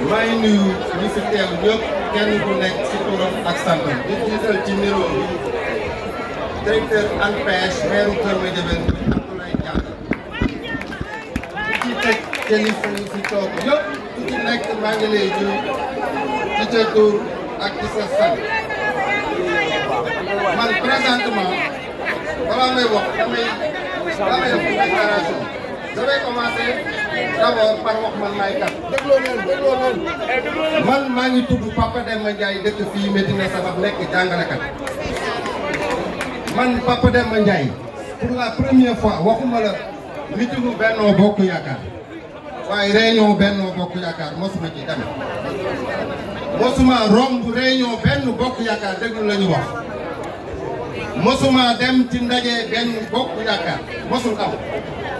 Je vais nuyu ñi ñëpp kenn ku di jiital ci bi directeur ci ci nekk lay jël ci ak ci sa man présentement may wax damay damay commencer d'abord par wax man dégloo man maa ngi tudd Papa Demba Ndiaye dëkk fii Medina Sabakh nekk jàngalekat man Papa Demba Ndiaye pour la première fois waxuma la mitingu Benno Bokk Yaakaar waaye réunion Benno Bokk Yaakaar mosuma ci dem mosuma romb réunion Benno Bokk Yaakaar déglu la ñu wax mosuma dem ci ndaje Benno Bokk Yaakaar mosul am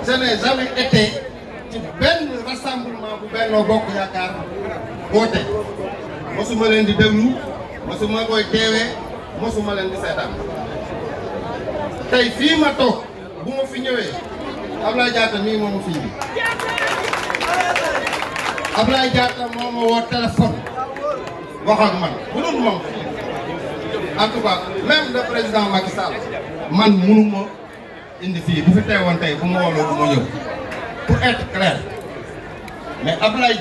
je n'ai jamais ci benn bu Benno Bokk Yaakaar woote mosuma leen di déglu mosuma koy teewee mosuma leen di seetaan tey fii ma toog bu ma fi ñëwee Ablaye Diatta mii moo ma fi indi Ablaye Diatta moo ma woo téléphone wax ak man bu dul moom en tout cas même président Macky man mënu indi fii bu fi teewoon tey bu ma wooloo du ma ñëw pour être clair mais Ablaye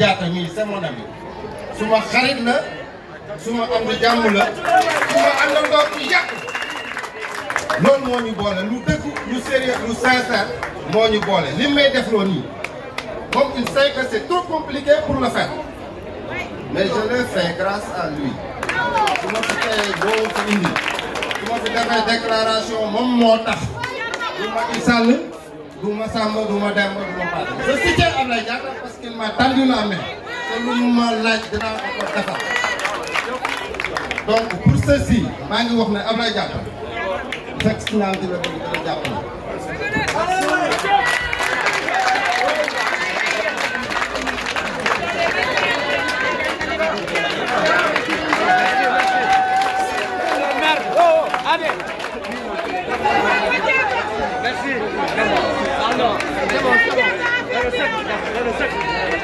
c'est mon ami suma xarit la suma la suma boole lu nous lu sérieux lu boole comme il sait que c'est trop compliqué pour le faire mais je le fais grâce à lui Je fini. déclaration du ma Samba du ma Demba du ma Paate je soutiens Ablaye Diatta parce qu'il m'a tendu la main te lu mu ma laaj dinaa ko ko defal donc pour ceci maa ngi wax ne Ablaye Diatta fekk si naa dina ko dina jàppale はい。